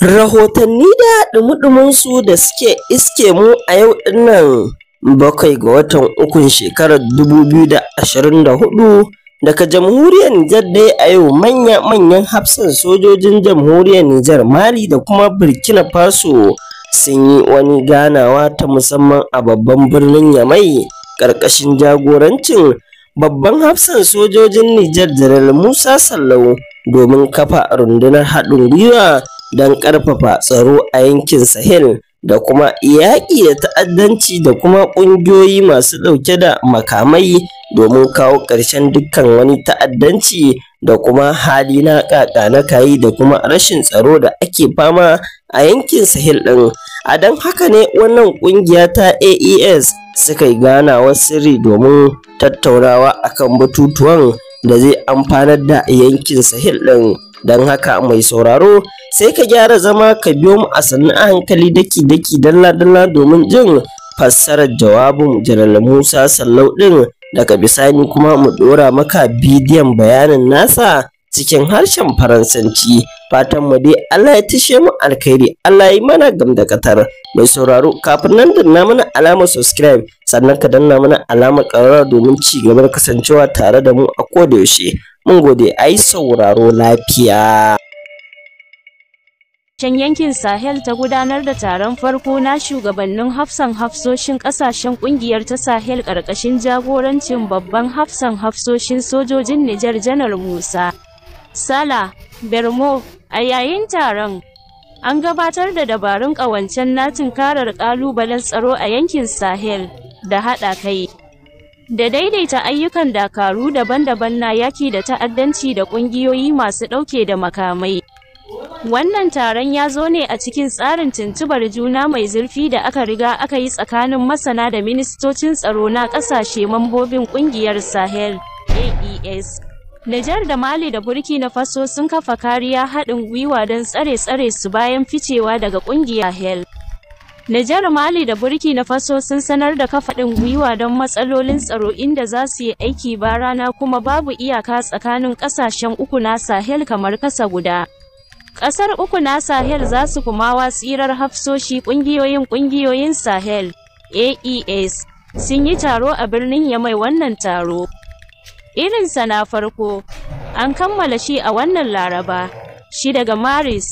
rahotanni da dumudumunsu da suke iske mu a yau dinnan bakwai ga watan ukun shekarar 2024 daga jamhuriyar Nijar dai a yau manya-manyan hafsan sojojin jamhuriyar Nijar Mali da kuma Burkina Faso sun yi wani ganawa ta musamman a babban birnin Yamai ƙarƙashin jagorancin babban hafsan sojojin Nijar Jiral Musa Sallau domin kafa rundunar haɗin gwiwa don ƙarfafa tsaro a yankin Sahel da kuma yaƙi da ta'addanci da kuma ƙungiyoyi masu ɗauke da makamai domin kawo ƙarshen dukkan wani ta'addanci da kuma hali na na kayi da kuma rashin tsaro da ake fama a yankin Sahel ɗin. A don haka ne wannan ƙungiya ta AES suka yi ganawar sirri domin tattaunawa akan batutuwan da zai amfanar da yankin Sahel ɗin. don haka mai sauraro sai ka gyara zama ka biyo mu a sannu a hankali daki-daki dalla-dalla domin jin fassarar jawabin Jalal Musa Sallau ɗin daga bisani kuma mu ɗora maka bidiyon bayanin nasa cikin harshen Faransanci. Fatan mu dai Allah ya tashe mu alkhairi, Allah ya yi mana gamdakatar. Mai sauraro kafin nan danna mana alamar subscribe sannan ka danna mana alamar karara domin ci gaba kasancewa tare da mu a koda yaushe. Mun gode ai sauraro lafiya. Can yankin Sahel ta gudanar da taron farko na shugabannin hafsan hafsoshin ƙasashen ƙungiyar ta Sahel ƙarƙashin jagorancin babban hafsan hafsoshin sojojin Nijar Janar Musa. Sala, Bermo, a yayin taron, an gabatar da dabarun ƙawancen natin karar ƙalubalen tsaro a yankin Sahel da haɗa kai. da daidaita ayyukan dakaru daban-daban na yaki da ta'addanci da ƙungiyoyi masu ɗauke da makamai. Wannan taron ya zo ne a cikin tsarin tuntubar juna mai zurfi da aka riga aka yi tsakanin masana da ministocin tsaro na ƙasashe mambobin ƙungiyar Sahel AES. Nijar da Mali da Burkina Faso sun kafa kariya haɗin gwiwa don tsare-tsare su bayan ficewa daga ƙungiyar Sahel. Nijar Mali da na Faso sun sanar da kafaɗin gwiwa don matsalolin tsaro inda za su yi aiki ba rana kuma babu iyaka tsakanin ƙasashen uku na Sahel kamar kasa guda. Ƙasar uku na Sahel za su kumawa tsirar hafsoshi ƙungiyoyin ƙungiyoyin Sahel AES sun yi taro a birnin Yamai wannan taro. Irinsa na farko, an kammala shi a wannan Laraba. shi daga maris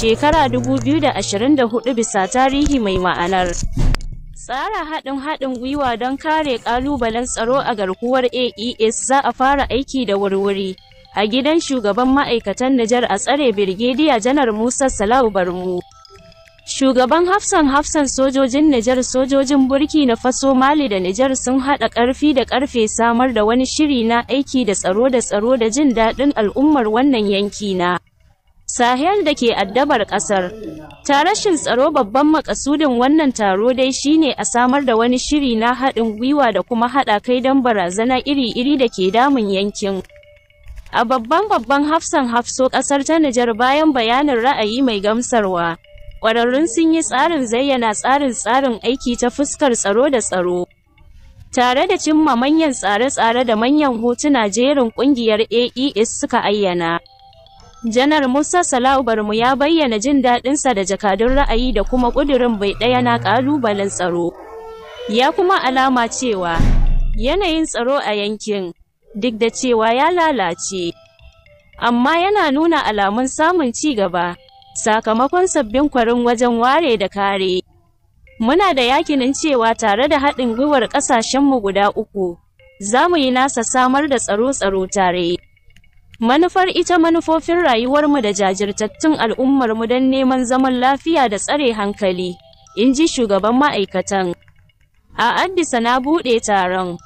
shekara 2024 bisa tarihi mai ma'anar tsara haɗin haɗin gwiwa don kare ƙalubalen tsaro a garkuwar aes za a fara aiki da wurwuri a gidan shugaban ma'aikatan nijar a tsare birgediya janar musa salau barmu shugaban hafsan hafsan sojojin nijar sojojin burki na faso mali da nijar sun haɗa ƙarfi da ƙarfe samar da wani shiri na aiki da tsaro da tsaro da jin daɗin al'ummar wannan yanki na sahel da ke addabar ƙasar. Ta rashin tsaro babban makasudin wannan taro dai shine a samar da wani shiri na haɗin gwiwa da kuma haɗa kai don barazana iri-iri da ke damun yankin. A babban babban hafsan hafso ƙasar ta Nijar bayan bayanin ra'ayi mai gamsarwa. Ƙwararrun sun yi tsarin zayyana tsarin tsarin aiki ta fuskar tsaro da tsaro. Tare da cimma manyan tsare-tsare da manyan hotuna jerin ƙungiyar AES suka ayyana. Janar Musa Sala'u Barmu ya bayyana jin daɗinsa da jakadun ra'ayi da kuma ƙudurin bai ɗaya na ƙalubalen tsaro. Ya kuma alama cewa yanayin tsaro a yankin duk da cewa ya lalace. Amma yana nuna alamun samun ci gaba sakamakon sabbin kwarin wajen ware da kare. Muna da yakinin cewa tare da haɗin gwiwar ƙasashenmu guda uku. za mu yi nasa samar da tsaro-tsaro tare. Manufar ita manufofin rayuwarmu da jajirtattun al'ummarmu don neman zaman lafiya da tsare hankali, in ji shugaban ma'aikatan. A Addisa na buɗe taron.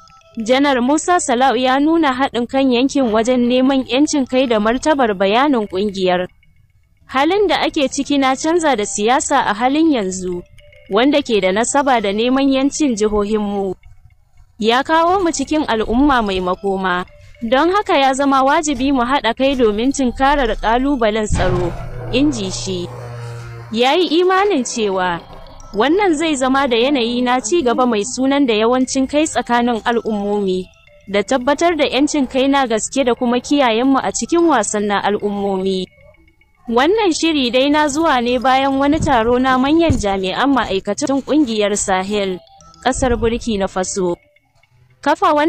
Janar Musa Salau ya nuna haɗin kan yankin wajen neman 'yancin kai da martabar bayanin ƙungiyar. Halin da ake ciki na canza da siyasa a halin yanzu, wanda ke da nasaba da neman 'yancin jihohinmu. Ya kawo mu cikin al'umma mai makoma. Don haka ya zama wajibi mu haɗa kai domin tunkarar ƙalubalen tsaro, in ji shi. Ya yi imanin cewa, wannan zai zama da yanayi na ci gaba mai sunan da yawancin kai tsakanin al'ummomi, da tabbatar da 'yancin kai na gaske da kuma kiyayenmu a cikin wasannin al'ummomi. Wannan shiri dai na zuwa ne bayan wani taro na manyan jami'an ma'aikatan ƙungiyar Sahel, ƙasar Burkina Faso. Après la rencontre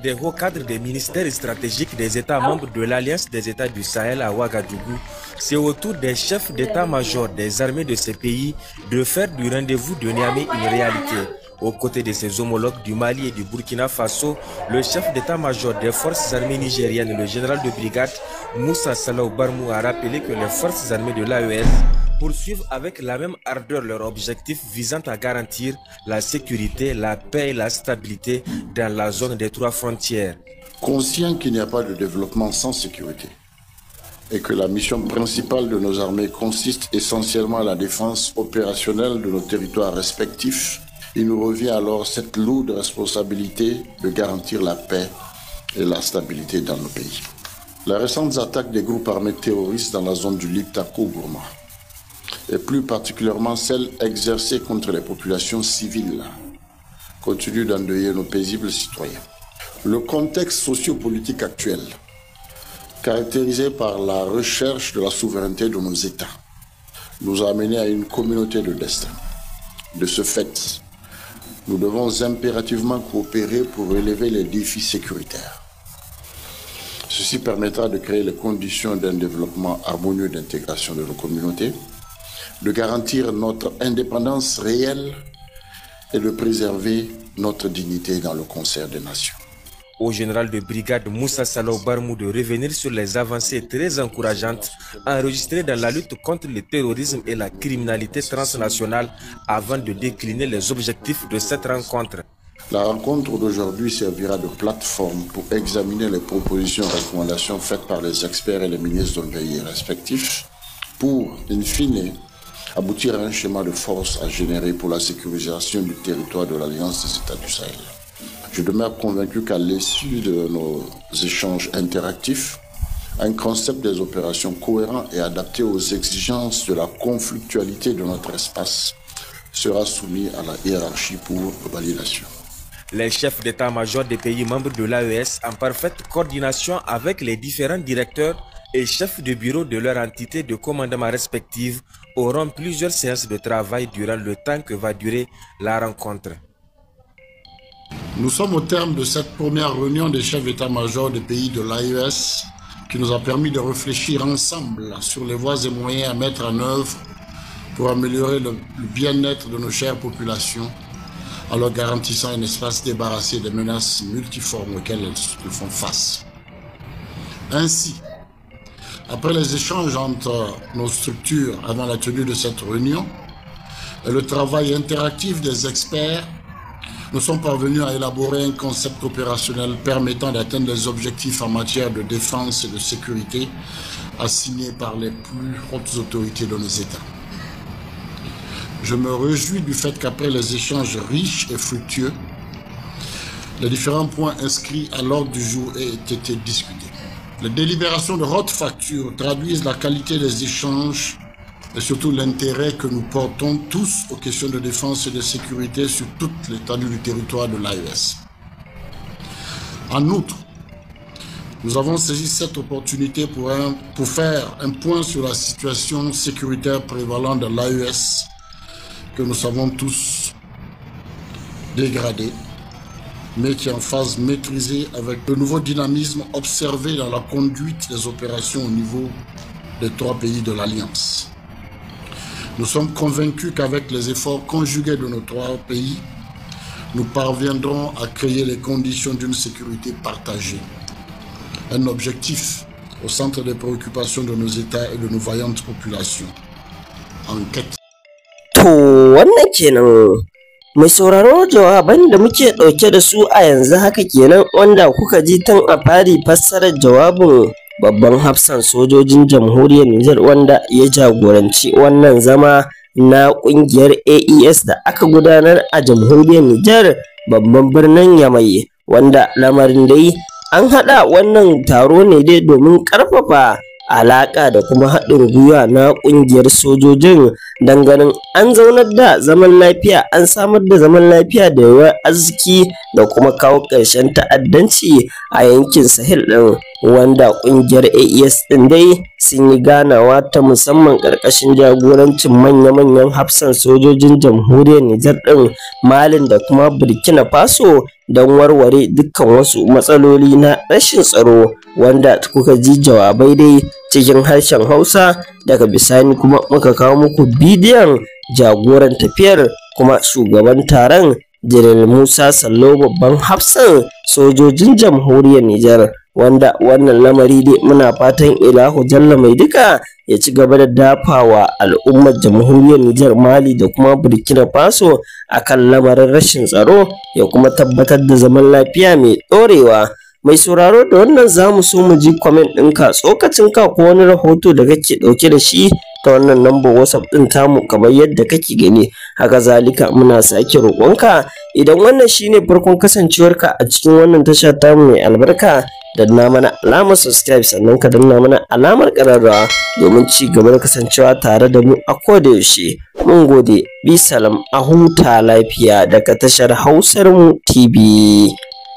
des hauts cadres des ministères stratégiques des États membres de l'Alliance des États du Sahel à Ouagadougou, c'est au tour des chefs d'état-major des armées de ces pays de faire du rendez-vous de Niamey une réalité. Aux côtés de ses homologues du Mali et du Burkina Faso, le chef d'état-major des forces armées nigériennes, le général de brigade Moussa Salah Barmou, a rappelé que les forces armées de l'AES poursuivent avec la même ardeur leur objectif visant à garantir la sécurité, la paix et la stabilité dans la zone des trois frontières. Conscient qu'il n'y a pas de développement sans sécurité et que la mission principale de nos armées consiste essentiellement à la défense opérationnelle de nos territoires respectifs, il nous revient alors cette lourde responsabilité de garantir la paix et la stabilité dans nos pays. Les récentes attaques des groupes armés terroristes dans la zone du Liptako-Gourma, et plus particulièrement celles exercées contre les populations civiles, continuent d'endeuiller nos paisibles citoyens. Le contexte sociopolitique actuel, caractérisé par la recherche de la souveraineté de nos États, nous a amenés à une communauté de destin. De ce fait, nous devons impérativement coopérer pour relever les défis sécuritaires. Ceci permettra de créer les conditions d'un développement harmonieux d'intégration de nos communautés, de garantir notre indépendance réelle et de préserver notre dignité dans le concert des nations au général de brigade Moussa Salou Barmou de revenir sur les avancées très encourageantes enregistrées dans la lutte contre le terrorisme et la criminalité transnationale avant de décliner les objectifs de cette rencontre. La rencontre d'aujourd'hui servira de plateforme pour examiner les propositions et recommandations faites par les experts et les ministres de pays respectifs pour, in fine, aboutir à un schéma de force à générer pour la sécurisation du territoire de l'Alliance des États du Sahel. Je demeure convaincu qu'à l'issue de nos échanges interactifs, un concept des opérations cohérent et adapté aux exigences de la conflictualité de notre espace sera soumis à la hiérarchie pour validation. Les chefs d'état-major des pays membres de l'AES, en parfaite coordination avec les différents directeurs et chefs de bureau de leur entité de commandement respective, auront plusieurs séances de travail durant le temps que va durer la rencontre. Nous sommes au terme de cette première réunion des chefs d'état-major des pays de l'AES qui nous a permis de réfléchir ensemble sur les voies et moyens à mettre en œuvre pour améliorer le bien-être de nos chères populations en leur garantissant un espace débarrassé des menaces multiformes auxquelles elles font face. Ainsi, après les échanges entre nos structures avant la tenue de cette réunion et le travail interactif des experts, nous sommes parvenus à élaborer un concept opérationnel permettant d'atteindre les objectifs en matière de défense et de sécurité assignés par les plus hautes autorités de nos États. Je me réjouis du fait qu'après les échanges riches et fructueux, les différents points inscrits à l'ordre du jour aient été discutés. Les délibérations de haute facture traduisent la qualité des échanges et surtout l'intérêt que nous portons tous aux questions de défense et de sécurité sur toute l'état du territoire de l'AES. En outre, nous avons saisi cette opportunité pour, pour faire un point sur la situation sécuritaire prévalente de l'AES que nous savons tous dégradée, mais qui est en phase maîtrisée avec le nouveau dynamisme observé dans la conduite des opérations au niveau des trois pays de l'Alliance. Nous sommes convaincus qu'avec les efforts conjugués de nos trois pays, nous parviendrons à créer les conditions d'une sécurité partagée. Un objectif au centre des préoccupations de nos États et de nos vaillantes populations. Enquête. babban hafsan sojojin jamhuriyar Nijar wanda ya jagoranci wannan zama na kungiyar AES da aka gudanar a jamhuriyar Nijar babban birnin Yamai wanda lamarin dai an haɗa wannan taro ne dai domin ƙarfafa alaƙa da kuma haɗin gwiwa na ƙungiyar sojojin Dangane ganin an zaunar da zaman lafiya an samar da zaman lafiya da yawar arziki da kuma kawo ƙarshen ta'addanci a yankin sahel ɗin wanda kungiyar AES din dai sun yi ganawa ta musamman ƙarƙashin jagorancin manya-manyan hafsan sojojin jamhuriyar Nijar din Malin da kuma Burkina Faso don warware dukkan wasu matsaloli na rashin tsaro wanda kuka ji jawabai dai cikin harshen Hausa daga bisani kuma muka kawo muku bidiyon jagoran tafiyar kuma shugaban taron Jiral Musa Sallo babban hafsan sojojin jamhuriyar Nijar wanda wannan lamari dai muna fatan ilahu jalla mai duka ya ci gaba da dafawa al'ummar jamhuriyar Nijar Mali da kuma Burkina Faso akan lamarin rashin tsaro ya kuma tabbatar da zaman lafiya mai ɗorewa. Mai sauraro da wannan za mu so mu ji kwamen ɗinka tsokacin ka ko wani rahoto da kake ɗauke da shi ta wannan lambar WhatsApp ɗin tamu kamar yadda kake gani. Haka zalika muna sake roƙonka idan wannan shine farkon kasancewarka a cikin wannan tasha tamu mai albarka danna mana alamar subscribe sannan ka danna mana alamar ƙararrawa domin ci gaba da kasancewa tare da mu a yaushe mun gode bi salam a huta lafiya daga tashar hausar mu tv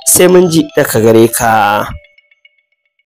sai mun ji daga gare ka